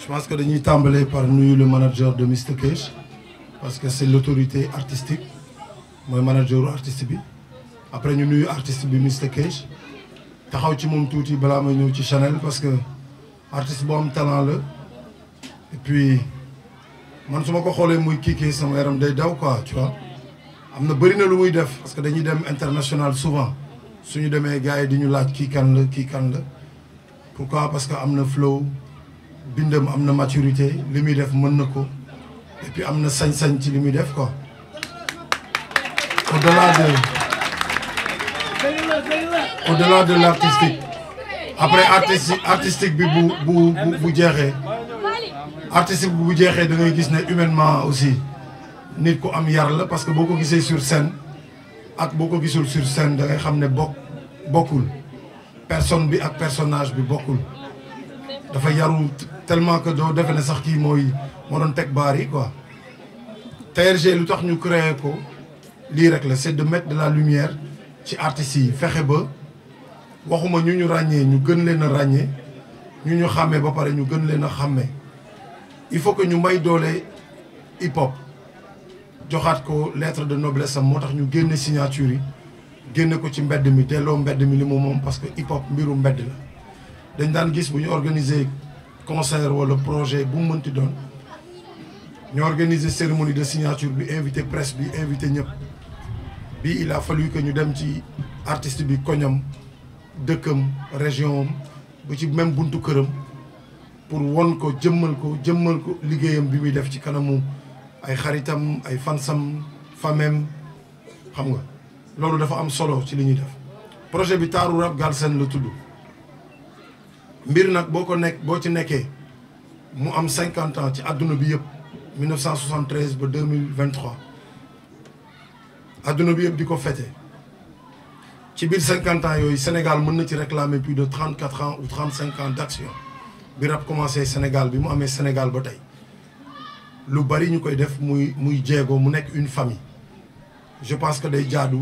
Je pense que dañuy tàmbalee par nuyu le manager de Mr Cash parce que c'est l'autorité artistique mooy manageru artiste bi après ñu nuyu artiste bi Mr Cash taxaw ci moom tuuti balaa may ñëw ci Chanel parce que artiste boo am talent la et puis man su ma ko xoolee muy kiikee sama yaram day daw ko tu vois am na bëri na lu muy def parce que dañuy dem international souvent suñu demee gars yi di ñu laaj kii kan la kii kan la quoi parce que am na flow bindam am na maturité li muy def mën na ko et am na sañ-sañ ci li muy def quoi au-delà de l'artistique après artistique bi bu bu bu jeexee artistique bi bu jeexee da gis ne humainement aussi nit ku am yar la parce que boo ko gisee sur scène ak boo ko gisul sur scène da xam ne bokk bokkul personne bi ak personnage bi bokkul dafa yaru tellement que doo defe ne sax kii mooy moo doon teg baari yi quoi TRG lu tax ñu créé ko lii rek la c'est de de la lumière ci artistes yi fexe ba waxuma ñu ñu ràññee ñu gën leen a ràññee ñu ñu xàmmee ba pare ñu gën leen a xàmmee il faut que ñu may doole hip hop joxaat ko lettre de noblesse am moo tax ñu génne signature yi génne ko ci mbedd mi delloo mbedd mi li mu moom parce que hip hop mbiru mbedd la dañ daan gis bu ñu organiser concert wala projet bu mënti doon ñu organiser cérémonie de signature bi invité presse bi invité ñëpp bi il a fallu ñu dem ci artiste bi koñam dëkkam région am bu ci même buntu këram pour won ko jëmmal ko jëmmal ko liggéeyam bi muy def ci kanamu ay xaritam ay fansam famem xam nga loolu dafa am solo ci li ñuy def projet bi taaru rap Galsen la tudd mbir nag boo ko nekk boo ci nekkee mu am cinquante ans ci adduna bi yëpp 1973 ba 2023 àdduna bi yëpp di ko fete ci biir cinquante ans yooyu Sénégal mën na ci réclamer plus de trente quatre ans ou trente cinq ans d' bi rap commencé Sénégal bi mu amee Sénégal ba tey lu bari ñu koy def muy muy jéego mu nekk une famille je pense que day jaadu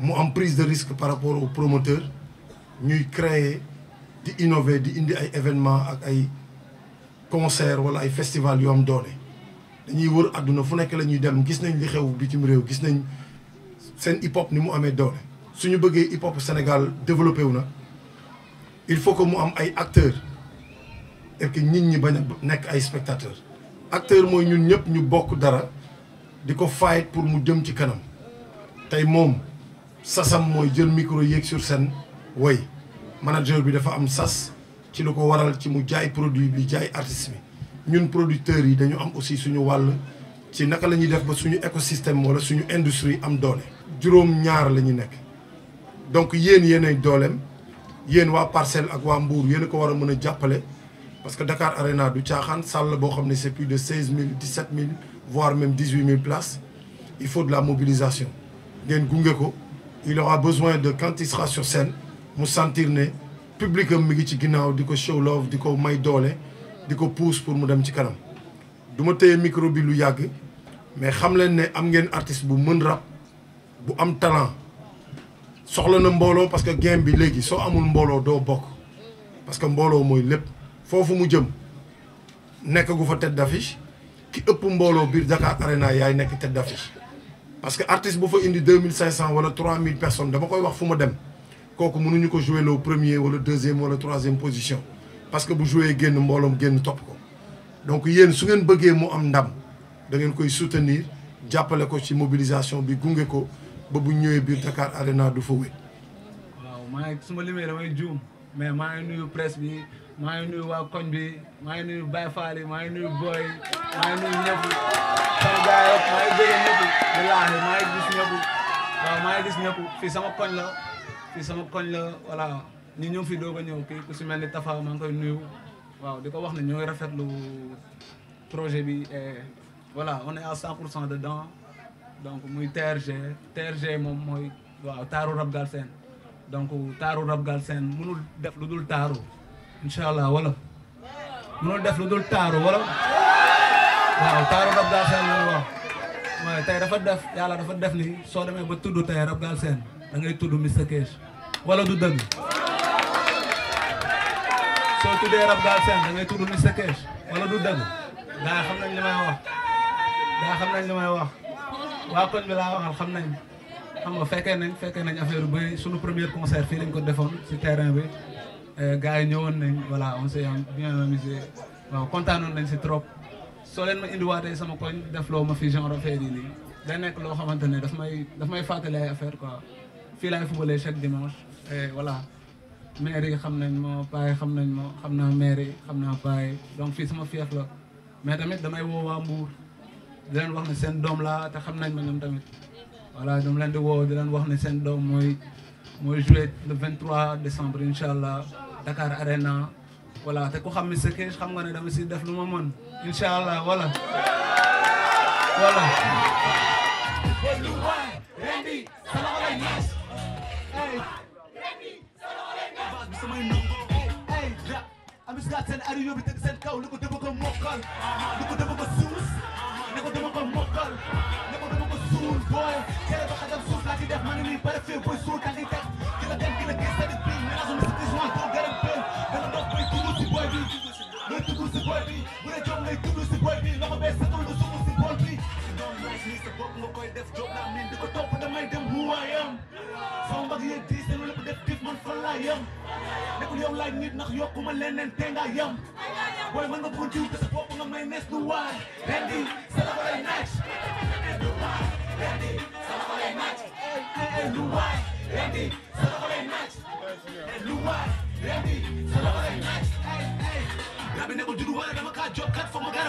mu am prise de risque par rapport au promoteur ñuy créer di innover di indi ay événement ak ay concert wala ay festival yu am doole dañuy wër àdduna fu nekk la ñuy dem gis nañ li xew bitim réew gis nañ seen hip hop ni mu amee doole suñu bëggee hip hop Sénégal développé wu na il faut que mu am ay acteurs et que nit ñi ba nekk ay spectateurs acteur mooy ñun ñëpp ñu bokk dara di ko fight pour mu jëm ci kanam tey moom sasam mooy jël micro yéeg sur scène way manager bi dafa am sas ci lu ko waral ci mu jaay produit bi jaay artiste bi ñun producteurs yi dañu am aussi suñu wàll ci naka la ñuy def ba suñu écosystème wala suñu industrie am doole. juróom ñaar la ñu nekk donc yéen yéenay dooleem yéen waa parcelle ak waa mbuur yéen ko war a mën a jàppale. parce que Dakar Arena du caaxaan salle boo xam ne c'est plus de seize mille dix sept mille voire même dix huit mille places il faut de la mobilisation ngeen gunge ko il aura besoin de quand il mu sentir ne public mi ngi ci ginnaaw di ko show love di ko may doole di ko pousse pour mu dem ci kanam du ma téye micro bi lu yàgg mais xam leen ne am ngeen artiste bu mën rap bu am talent soxla na mbooloo parce que game bi léegi soo amul mbooloo doo bokk parce que mbooloo mooy lépp foofu mu jëm nekk gu fa tête d'affiche ki ëpp mbooloo biir Dakar Arena yaay nekk tête d'affiche parce que artiste bu fa indi deux mille cinq cent wala trois mille personnes dama koy wax fu ma dem kooku mënuñu ko jouer loo premier wala deuxième wala troisième position parce que bu jouer génn mbooloom génn topp ko donc yéen su ngeen bëggee mu am ndam da ngeen koy soutenir jàppale ko ci mobilisation bi gunge ko ba bu ñëwee biir Dakar Arena du fa wéet. waaw maa su ma limee damay maa ngi nuyu waa koñ bi maa ngi nuyu Baye Fall yi maa ngi nuyu Boy yi maa ngi nuyu ñëpp sama gars yi maa ngi bëgg maa ngi gis ñëpp waaw maa ngi koñ la fii sama koñ la voilà ñi ñu ngi fi doog a ñëw kii ku si mel ni Tafa maa ngi koy nuyu waaw di ko wax na ñoo ngi rafetlu projet bi et voilà on est à 100 pour cent dedans donc muy TRG TRG moom mooy waaw taaru rap galsen donc taaru rap galsen mënul def lu dul taaru. incha allah wala mënul def lu dul taaru wala waaw taaru rab gaal seen loolu waaw waaye tey dafa def yàlla dafa def ni soo demee ba tudd tey rab gaal seen da ngay tudd Mr Cash wala du dëgg soo tuddee rab gaal seen ngay tudd Mr wala du dëgg gaa xam nañ li may wax gaa xam nañ li may wax waa koñ bi laa waxal xam nañ xam nga fekkee nañ fekkee nañ affaire bu bëri sunu premier concert fii lañ ko defoon si terrain bi Euh, gars yi ñëwoon nañ voilà on s'est bien amusé waaw kontaanoon nañ si trop soo leen ma indiwaatee sama koñ def loo ma fi genre affaire yi nii day nekk loo xamante ne daf may daf may ay affaire quoi fii laay footballé chaque dimanche et voilà maire yi xam nañ ma paa xam nañ ma xam naa maire yi xam naa paa donc fii sama fief la mais tamit damay woo waa Mbour di leen wax ne seen doom laa te xam nañ ma ñoom tamit voilà ñoom leen di woo di leen wax ne seen doom mooy mooy joué le 23 décembre incha allah Dakar Arena voilà te ku xam ne sa Cage xam nga ne dama si def lu ma mën incha allah voilà voilà. amis gaa seen ari yóbbi teg seen kaw ni ko dama ko mokkal ni ko dama ko suus ni ko dama ko mokkal ni ko dama ko suul booy cere ba xajam suuf laa ci def ma ngi nii pare fii booy suul da ngay teg nekkul yow laaj nit ndax yokkuma leneen te nga yam waaye mën nga bëgg diw te sa bopp nga may nees Diop kat fa mu